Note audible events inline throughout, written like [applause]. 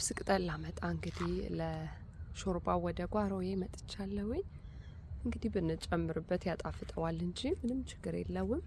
የጥብስ ቅጠል ላመጣ እንግዲህ ለሾርባ ወደ ጓሮዬ መጥቻለሁኝ። እንግዲህ ብንጨምርበት ያጣፍጠዋል እንጂ ምንም ችግር የለውም።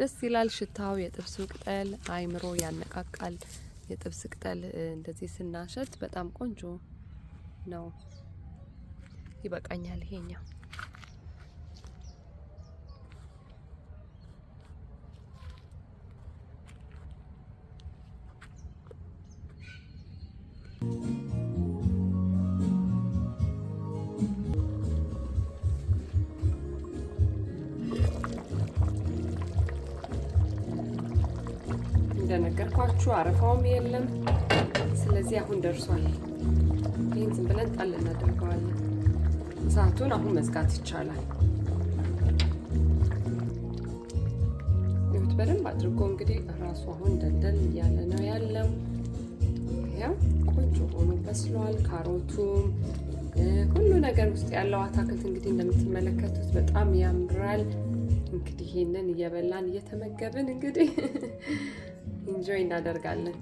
ደስ ይላል ሽታው። የጥብስ ቅጠል አይምሮ ያነቃቃል። የጥብስ ቅጠል እንደዚህ ስናሸት በጣም ቆንጆ ነው። ይበቃኛል ይሄኛው። እንደነገርኳችሁ አረፋውም የለም። ስለዚህ አሁን ደርሷል። ጣል ጣል እናደርገዋለን። እሳቱን አሁን መዝጋት ይቻላል። ይሁት በደንብ አድርጎ እንግዲህ ራሱ አሁን ደልደል እያለ ነው ያለው። ያው ቆንጆ ሆኖ በስሏል። ካሮቱም ሁሉ ነገር ውስጥ ያለው አታክልት እንግዲህ እንደምትመለከቱት በጣም ያምራል። እንግዲህ ይህንን እየበላን እየተመገብን እንግዲህ [laughs] ኢንጆይ እናደርጋለን።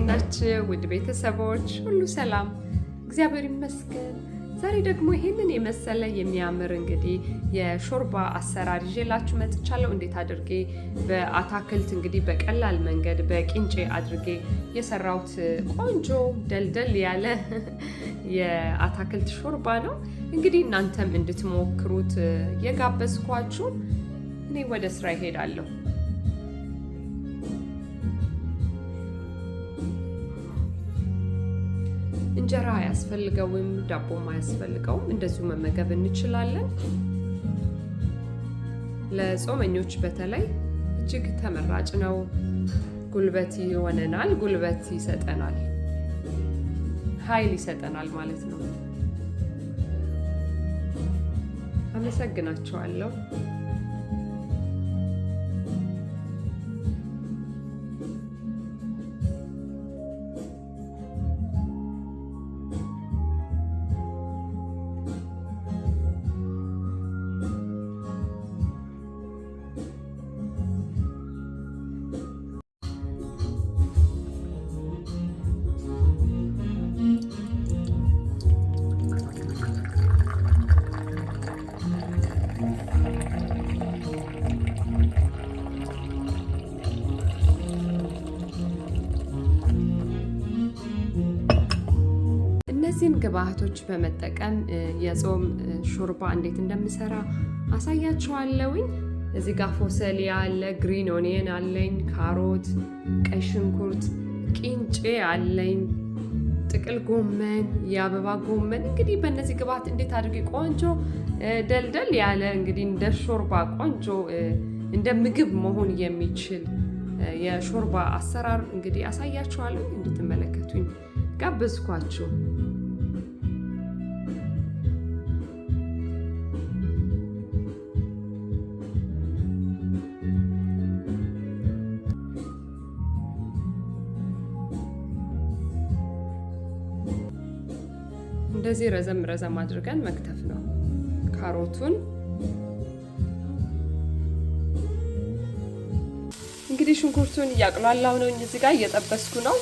እንዴት ናችሁ ውድ ቤተሰቦች ሁሉ ሰላም? እግዚአብሔር ይመስገን። ዛሬ ደግሞ ይህንን የመሰለ የሚያምር እንግዲህ የሾርባ አሰራር ይዤላችሁ መጥቻለሁ። እንዴት አድርጌ በአታክልት እንግዲህ በቀላል መንገድ በቂንጬ አድርጌ የሰራሁት ቆንጆ ደልደል ያለ [laughs] የአታክልት ሾርባ ነው። እንግዲህ እናንተም እንድትሞክሩት የጋበዝኳችሁ እኔ ወደ ስራ ይሄዳለሁ። እንጀራ አያስፈልገውም ወይም ዳቦም አያስፈልገውም። እንደዚሁ መመገብ እንችላለን። ለጾመኞች በተለይ እጅግ ተመራጭ ነው። ጉልበት ይሆነናል፣ ጉልበት ይሰጠናል፣ ኃይል ይሰጠናል ማለት ነው። አመሰግናችኋለሁ። ግብአቶች በመጠቀም የጾም ሾርባ እንዴት እንደምሰራ አሳያችኋለሁኝ። እዚህ ጋር ፎሰሊ አለ፣ ግሪን ኦኒየን አለኝ፣ ካሮት፣ ቀይ ሽንኩርት፣ ቂንጬ አለኝ፣ ጥቅል ጎመን፣ የአበባ ጎመን። እንግዲህ በእነዚህ ግብአት እንዴት አድርጌ ቆንጆ ደልደል ያለ እንግዲህ እንደ ሾርባ ቆንጆ እንደ ምግብ መሆን የሚችል የሾርባ አሰራር እንግዲህ አሳያችኋለሁ። እንድትመለከቱኝ ጋብዝኳችሁ። እንደዚህ ረዘም ረዘም አድርገን መክተፍ ነው ካሮቱን። እንግዲህ ሽንኩርቱን እያቅላላው ነው እዚህ ጋር እየጠበስኩ ነው።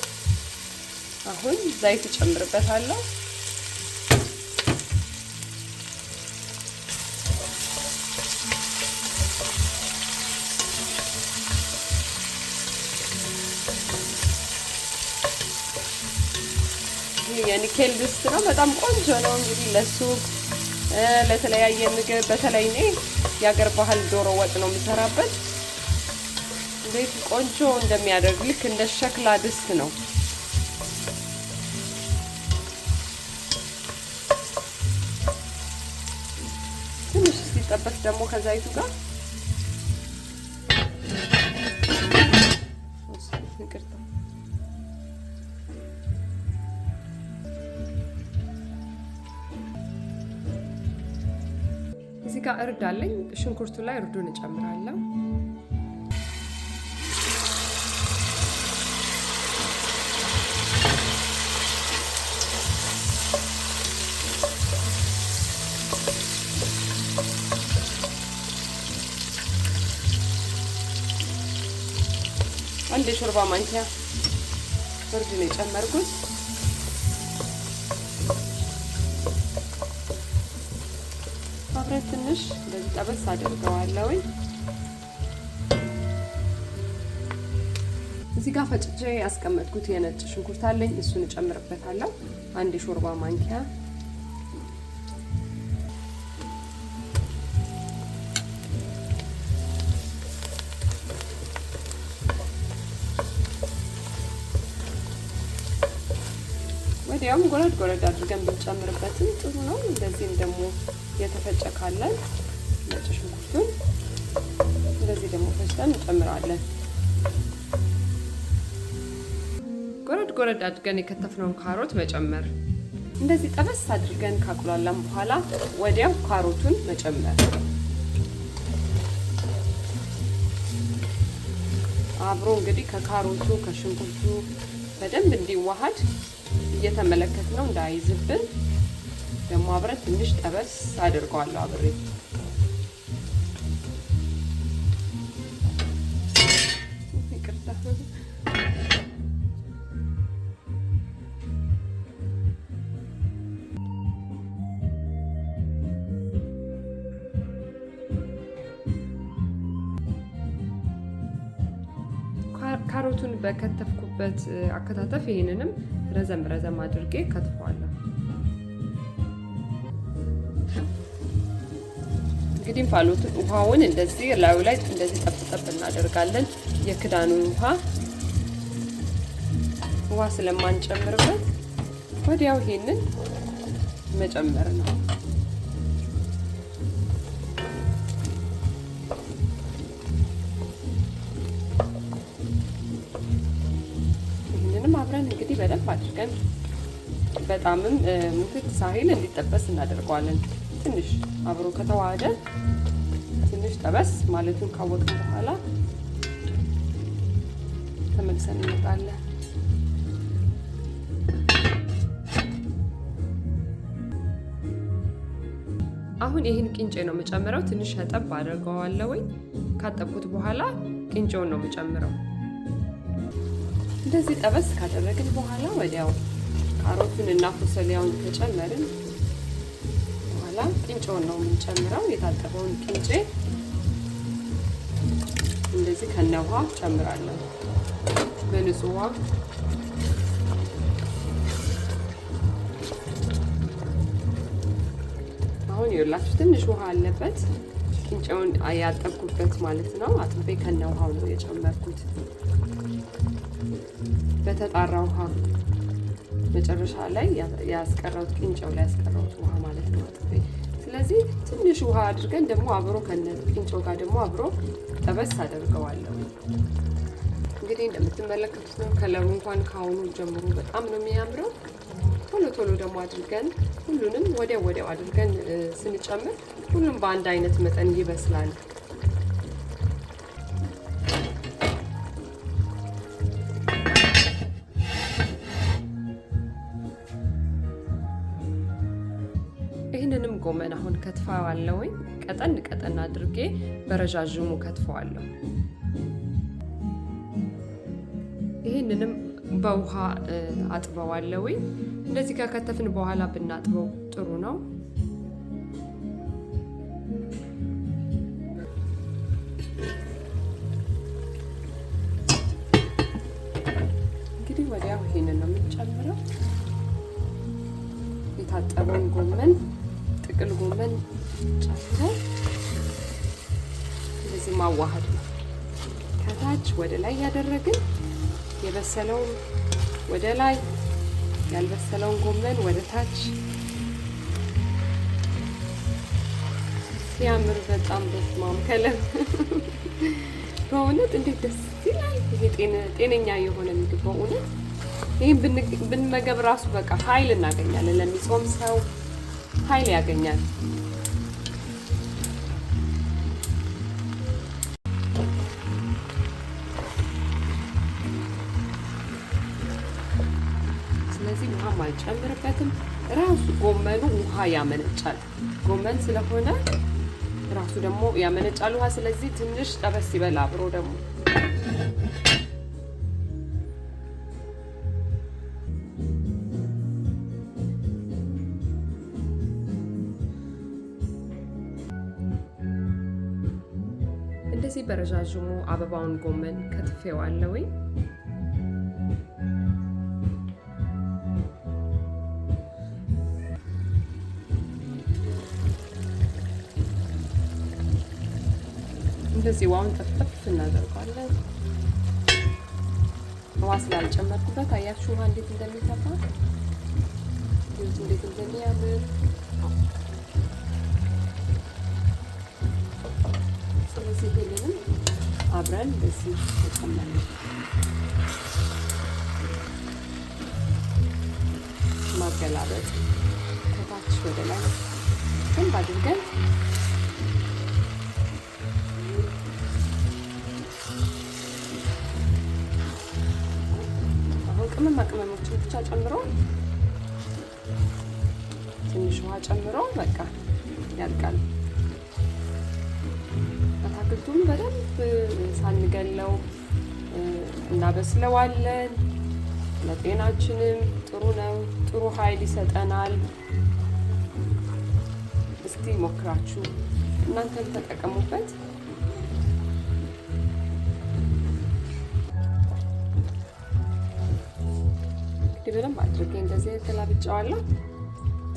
አሁን ዘይት እጨምርበታለሁ። የኒኬል ድስት ነው። በጣም ቆንጆ ነው። እንግዲህ ለሱፕ፣ ለተለያየ ምግብ በተለይ እኔ የአገር ባህል ዶሮ ወጥ ነው የምሰራበት። እንዴት ቆንጆ እንደሚያደርግ ልክ እንደ ሸክላ ድስት ነው። ትንሽ ሲጠበስ ደግሞ ከዛይቱ ጋር ይቅርታ ጋር እርድ አለኝ። ሽንኩርቱ ላይ እርዱን እጨምራለሁ። አንድ የሾርባ ማንኪያ እርድን የጨመርኩት። ትንሽ እንደዚህ ጠበስ አድርገዋለሁ። እዚህ ጋር ፈጭጬ ያስቀመጥኩት የነጭ ሽንኩርት አለኝ። እሱን እጨምርበታለሁ አንድ የሾርባ ማንኪያ እንዲያውም ጎረድ ጎረድ አድርገን ብንጨምርበትም ጥሩ ነው። እንደዚህም ደግሞ የተፈጨ ካለን ነጭ ሽንኩርቱን እንደዚህ ደግሞ ፈጭተን እንጨምራለን። ጎረድ ጎረድ አድርገን የከተፍነውን ካሮት መጨመር። እንደዚህ ጠበስ አድርገን ካቁላላም በኋላ ወዲያው ካሮቱን መጨመር። አብሮ እንግዲህ ከካሮቱ ከሽንኩርቱ በደንብ እንዲዋሃድ እየተመለከት ነው እንዳይዝብን ደግሞ አብረን ትንሽ ጠበስ አድርገዋለሁ አብሬ ካሮቱን በከተፍኩበት አከታተፍ ይህንንም ረዘም ረዘም አድርጌ ከትፈዋለሁ። እንግዲህ እንፋሎት ውሃውን እንደዚህ ላዩ ላይ እንደዚህ ጠብጠብ እናደርጋለን። የክዳኑን ውሃ ውሃ ስለማንጨምርበት ወዲያው ይሄንን መጨመር ነው። በደንብ አድርገን በጣምም ሙክት ሳይል እንዲጠበስ እናደርገዋለን። ትንሽ አብሮ ከተዋሃደ ትንሽ ጠበስ ማለቱን ካወቅን በኋላ ተመልሰን እንመጣለን። አሁን ይህን ቅንጬ ነው የምጨምረው። ትንሽ ያጠብ ወይ ካጠብኩት በኋላ ቅንጬውን ነው የምጨምረው። እንደዚህ ጠበስ ካደረግን በኋላ ወዲያው ካሮቱን እና ፎሰሊያውን ከጨመርን በኋላ ቂንጬውን ነው የምንጨምረው። የታጠበውን ቂንጬ እንደዚህ ከነ ውሃ ጨምራለሁ። በንጹህ ውሃ አሁን የወላችሁ ትንሽ ውሃ አለበት። ቅንጨውን ያጠብኩበት ማለት ነው። አጥቤ ከነ ውሃው ነው የጨመርኩት። በተጣራ ውሃ መጨረሻ ላይ ያስቀረውት ቂንጨው ላይ ያስቀረውት ውሃ ማለት ነው። ስለዚህ ትንሽ ውሃ አድርገን ደግሞ አብሮ ከነ ቂንጨው ጋር ደግሞ አብሮ ጠበስ አደርገዋለሁ። እንግዲህ እንደምትመለከቱት ነው። ከለሩ እንኳን ከአሁኑ ጀምሮ በጣም ነው የሚያምረው። ቶሎ ቶሎ ደግሞ አድርገን ሁሉንም ወዲያው ወዲያው አድርገን ስንጨምር ሁሉም በአንድ አይነት መጠን ይበስላል። ጎመን አሁን ከትፈዋለሁኝ። ቀጠን ቀጠን አድርጌ በረዣዥሙ ከትፈዋለሁ። ይህንንም በውሃ አጥበዋለውኝ እንደዚህ ከከተፍን በኋላ ብናጥበው ጥሩ ነው። እንግዲህ ወዲያው ይሄንን ነው የምንጨምረው የታጠበውን ጎመን ጥቅል ጎመን ጨምተን እንደዚህ ማዋሃድ ነው። ከታች ወደ ላይ ያደረግን የበሰለውን ወደ ላይ ያልበሰለውን ጎመን ወደ ታች። ሲያምር በጣም በስመ ከለም በእውነት እንዴት ደስ ይላል። ይሄ ጤነኛ የሆነ ምግብ በእውነት ይህም ብንመገብ ራሱ በቃ ኃይል እናገኛለን ለሚጾም ሰው ኃይል ያገኛል። ስለዚህ ውሃም አልጨምርበትም። ራሱ ጎመኑ ውሃ ያመነጫል። ጎመን ስለሆነ ራሱ ደግሞ ያመነጫል ውሃ። ስለዚህ ትንሽ ጠበስ ይበል አብሮ ደግሞ በረዣዥሙ አበባውን ጎመን ከትፌው ወይ እንደዚህ ዋውን ጥፍጥፍ እናደርጓለን። ውሃ ስላልጨመርኩበት አያችሁ ውሃ እንዴት እንደሚተፋ እንዴት እንደሚያምር አብረን በዚህ ተቀመለ ማገላበጥ ከታች ወደ ላይ ግንብ አድርገን አሁን ቅመማ ቅመሞችን ብቻ ጨምሮ ትንሽ ውሃ ጨምሮ በቃ ያልቃል። እናበስለዋለን። ለጤናችንም ጥሩ ነው። ጥሩ ኃይል ይሰጠናል። እስቲ ሞክራችሁ እናንተም ተጠቀሙበት። እንግዲህ በደንብ አድርጌ እንደዚህ ተላብጨዋለሁ።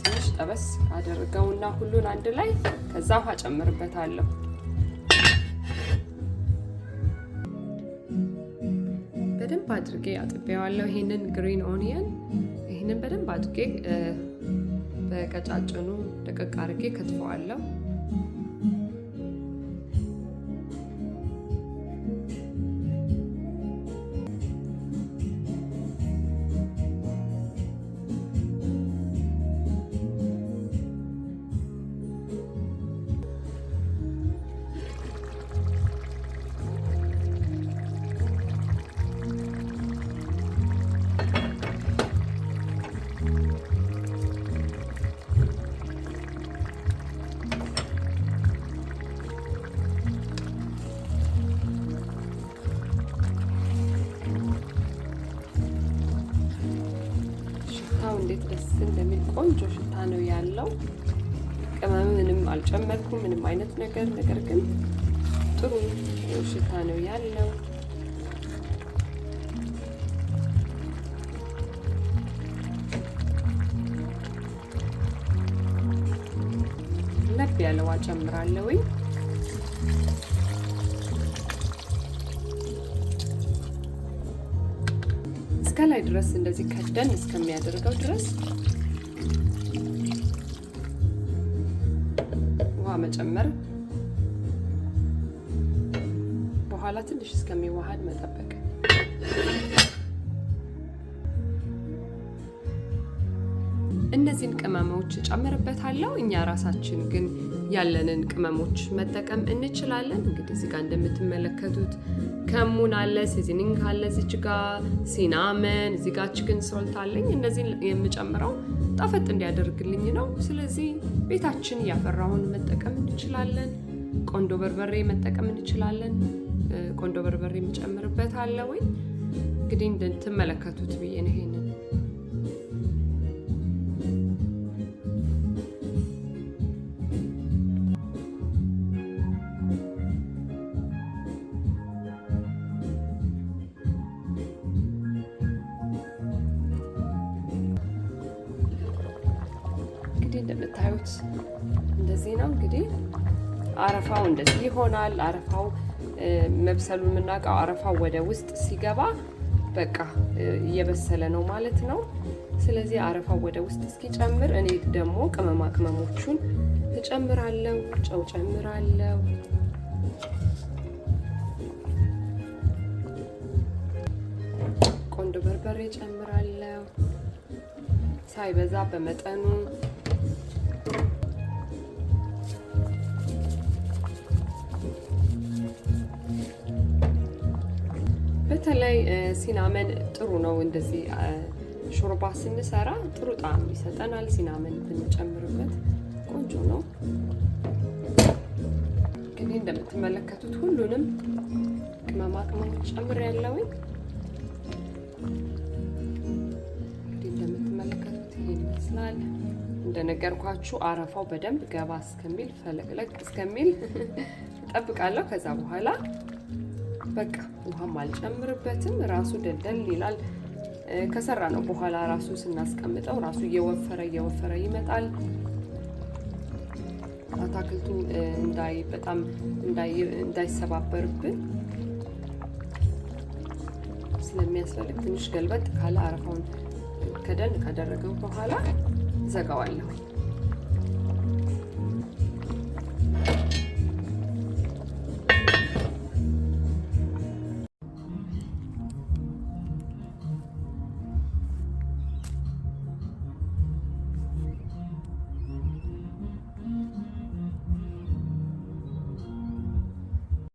ትንሽ ጠበስ አደርገውና ሁሉን አንድ ላይ ከዛ ውሃ ጨምርበታለሁ። አድርጌ አጥቤዋለሁ። ይህንን ግሪን ኦኒየን ይህንን በደንብ አድርጌ በቀጫጭኑ ደቀቅ አድርጌ ከትፈዋለሁ። ደስ እንደሚል ቆንጆ ሽታ ነው ያለው። ቅመም ምንም አልጨመርኩም፣ ምንም አይነት ነገር ነገር ግን ጥሩ ሽታ ነው ያለው። ለብ ያለ ውሃ ወይ? እስከ ላይ ድረስ እንደዚህ ከደን እስከሚያደርገው ድረስ ውሃ መጨመር፣ በኋላ ትንሽ እስከሚዋሃድ መጠበቅ። እነዚህን ቅመሞች ጨምርበታለሁ። እኛ ራሳችን ግን ያለንን ቅመሞች መጠቀም እንችላለን። እንግዲህ እዚህ ጋር እንደምትመለከቱት ከሙን አለ፣ ሲዝኒንግ አለ፣ እዚች ጋ ሲናመን፣ እዚህ ጋ ችግን ሶልት አለኝ። እነዚህን የምጨምረው ጣፈጥ እንዲያደርግልኝ ነው። ስለዚህ ቤታችን ያፈራውን መጠቀም እንችላለን። ቆንዶ በርበሬ መጠቀም እንችላለን። ቆንዶ በርበሬ የምጨምርበት አለ ወይ እንግዲህ እንደምትመለከቱት ብዬ ነው። ያደረኩት። እንደዚህ ነው እንግዲህ አረፋው እንደዚህ ይሆናል። አረፋው መብሰሉ የምናውቀው አረፋው ወደ ውስጥ ሲገባ በቃ እየበሰለ ነው ማለት ነው። ስለዚህ አረፋው ወደ ውስጥ እስኪጨምር እኔ ደግሞ ቅመማ ቅመሞቹን እጨምራለሁ። ጨው ጨምራለሁ። ቆንዶ በርበሬ ጨምራለሁ፣ ሳይበዛ በመጠኑ በተለይ ሲናመን ጥሩ ነው። እንደዚህ ሾርባ ስንሰራ ጥሩ ጣዕም ይሰጠናል። ሲናመን ብንጨምርበት ቆንጆ ነው። እንግዲህ እንደምትመለከቱት ሁሉንም ቅመማ ቅመሞች ጨምር ያለውኝ እንግዲህ እንደምትመለከቱት ይሄ ይመስላል። እንደነገርኳችሁ አረፋው በደንብ ገባ እስከሚል ፈለቅለቅ እስከሚል እጠብቃለሁ። ከዛ በኋላ በቃ ውሃም አልጨምርበትም። ራሱ ደልደል ይላል። ከሰራ ነው በኋላ ራሱ ስናስቀምጠው ራሱ እየወፈረ እየወፈረ ይመጣል። አታክልቱ እንዳይ በጣም እንዳይሰባበርብን ስለሚያስፈልግ ትንሽ ገልበጥ ካለ አረፋውን ከደን ካደረገው በኋላ ዘጋዋለሁ።